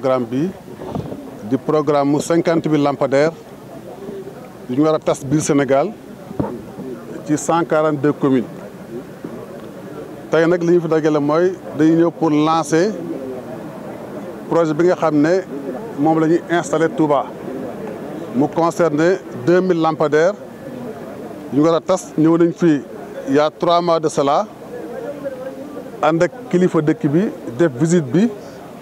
programme bi di programme mu cinquante mille lampadaires yu ñu a tas biir Sénégal ci cent quarante deux communes tey nag li ñu fi dajale mooy dañu ñëw pour lancer projet bi nga xam ne moom la ñuy installé Touba mu concerné deux mille lampadaires ñu war a tas ñëw nañ fi y a trois mois de cela ànd ak kilifa dëkk bi def visite bi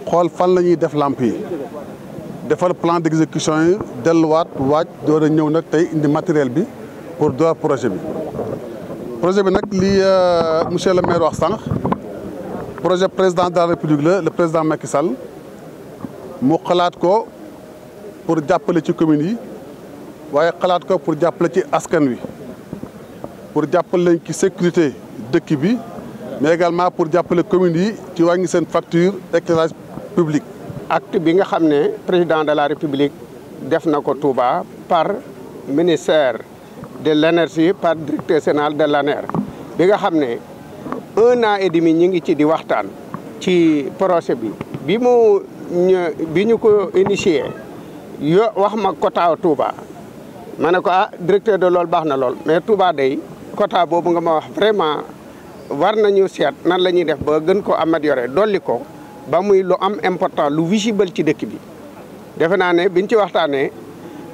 xool fan la ñuy def làmp yi defal plan d'exécution yi delluwaat waaj door a ñëw nag tey indi matériel bi pour door projet bi. projet bi nag li euh, monsieur le maire wax sànq projet président de la république la le président Macky sal mu xalaat ko pour jàppale ci communes yi waaye xalaat ko pour jàppale ci askan wi pour jàppale leen ci sécurité dëkk bi mais également pour jàppale communes yi ci wàññi seen facture éclairage publique. acte bi nga xam ne président de la république def na ko Touba par ministère de l' énergie par directeur général de l'ANER bi nga xam ne un an et ñu ngi ci di waxtaan ci projet bi bi mu bi ñu ko initié yo wax ma quota Touba ma ne ko ah directeur de loolu baax na lool mais Touba day quota boobu nga ma wax vraiment war nañu seet nan la ñuy def ba gën ko amélioré dolli ko ba muy lu am important lu visible ci dëkk bi defe naa ne biñ ci waxtaanee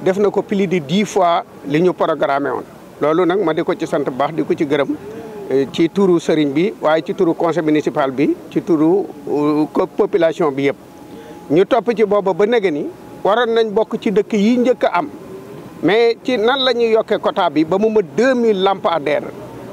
def na ko plus de dix fois li ñu programmé woon. loolu nag ma di ko ci sant bu baax di ko ci gërëm eh, ci turu sëriñ bi waaye ci turu conseil municipal bi ci turu euh, population bi yëpp. ñu topp ci booba ba nege ni waroon nañ bokk ci dëkk yi njëkk a am mais ci nan la ñuy yokkee quota bi ba mu ma deux mille lampadaires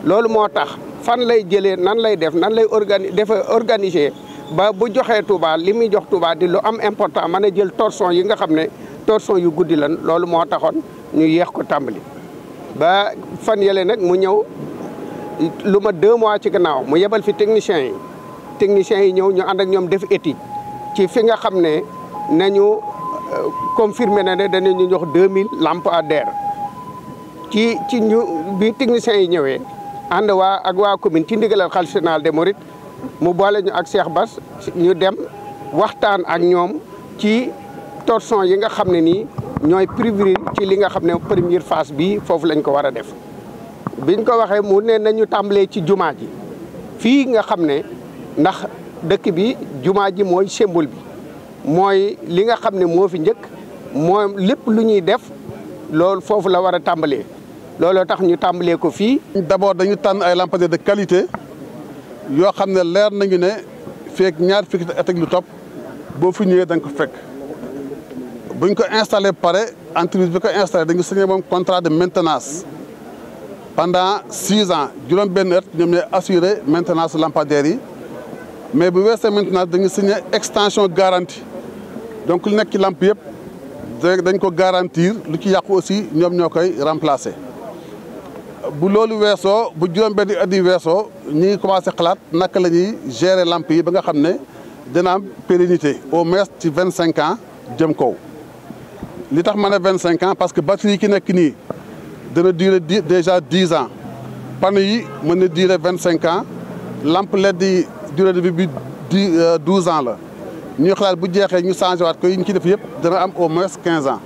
loolu moo tax fan lay jëlee nan lay def nan lay organi defa organiser. ba bu joxee Touba li muy jox Touba di lu am important man a jël torson yi nga xam ne torson yu guddi lan loolu moo taxoon ñu yeex ko tàmbali. ba fan yële nag mu ñëw lu ma deux mois ci gannaaw mu yebal fi techniciens yi techniciens yi ñëw ñu ànd ak ñoom def étude ci fi nga xam ne nañu euh, confirmé na ne danañu jox deux mille lampadaires ci ci ñu bi techniciens yi ñëwee ànd waa ak waa commune ci ndigalal xalifa général des mourides mu boole ñu ak Cheikh Bass ñu dem waxtaan ak ñoom ci torsion yi nga xam ne nii ñooy prévenir ci li nga xam ne première phase bi foofu lañ ko war a def biñ ko waxee mu ne nañu tàmbalee ci jumaa ji fii nga xam ne ndax dëkk bi jumaa ji mooy symbole bi mooy li nga xam ne moo fi njëkk moo lépp lu ñuy def loolu foofu la war a tàmbalee looloo tax ñu tàmbalee ko fii. d'abord dañu tànn ay lampadaires de qualité. yoo xam ne leer nañu ne feek ñaar fukki at ak lu topp boo fi ñëwee da nga ko fekk buñ ko installé pare entreprise bi ko installé dañu signé moom contrat de maintenance pandant six ans juróom benn at ñoom ñooy assuré maintenance lampadaires yi mais bu weesee maintenance dañu signé extension garantie donc lu nekk ci lamp yëpp dañ ko garantir lu ci yàqu aussi ñoom ñoo koy remplacer bu loolu weesoo bu juróom-benn at yi weesoo ñu ngi commencé xalaat naka la ñuy gérer lamp yi ba nga xam ne dina am pérennité au moins ci vingt cinq ans jëm kaw. li tax ma ne vingt cinq ans parce que batterie yi ki nekk nii dana durer déjà dix ans panneau yi mën na durer vingt cinq ans lamp LED yi durée de vie bi di euh, douze ans la ñuy xalaat bu jeexee ñu changé waat ko yi ñu ci def yëpp dana am au moins quinze ans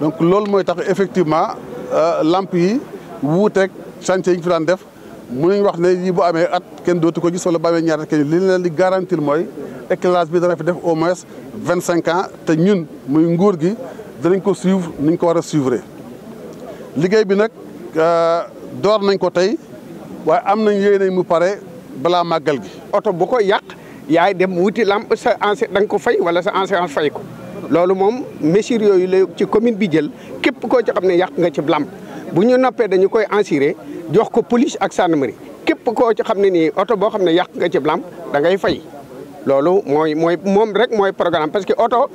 donc loolu mooy tax effectivement euh, lamp yi. wuuteeg chantier yi ñu fi daan def mënuñ wax ne yi boo amee at kenn dootu ko gis solo bu amee ñaar at kenn li leen li garantir mooy éclage bi dana fi def au moins vingt cinq ans te ñun muy nguur gi danañ ko suivre ni ko war a suivre. liggéey bi nag euh, door nañ ko tey waaye am nañ yéene mu pare balaa màggal gi. oto bu ko yàq yaay dem wuti lamp sa ense dañ ko fay wala sa assurance fay ko loolu moom mesures yooyu le ci commune bi jël képp koo ci xam ne yàq nga ci lamp. bu ñu nappee dañu koy assurer jox ko police ak gendarmerie képp koo ci xam ne nii oto boo xam ne yàq nga ci lamp da ngay fay. loolu mooy mooy moom rek mooy programme parce que oto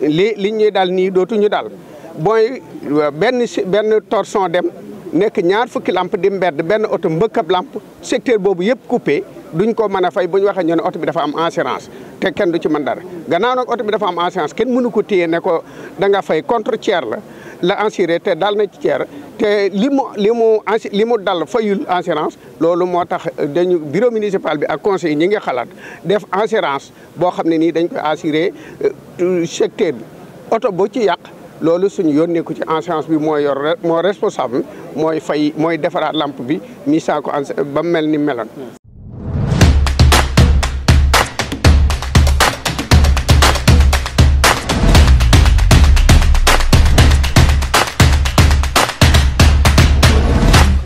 li li ñuy dal nii dootuñu dal booy benn benn torchon dem nekk ñaar fukki lamp di mbedd benn oto mbëkkab lamp secteur boobu yëpp coupé duñ ko mën a fay bu ñu waxee ñu ne oto bi dafa am assurance te kenn du ci mën dara gannaaw nag oto bi dafa am assurance kenn mënu ko téye ne ko da nga fay contre tiers la. la assuré te dal na ci ceer te li mu li mu li mu dal fayul assurance loolu moo tax dañu bureau municipal bi ak conseil ñi ngi xalaat def assurance boo xam ne nii dañ koy assuré euh, secteur bi oto boo ci yàq loolu suñu yónnee ko ci assurance bi mooy yor moo responsable mooy fay mooy defaraat lamp bi mi saa ko ba mu mel ni melan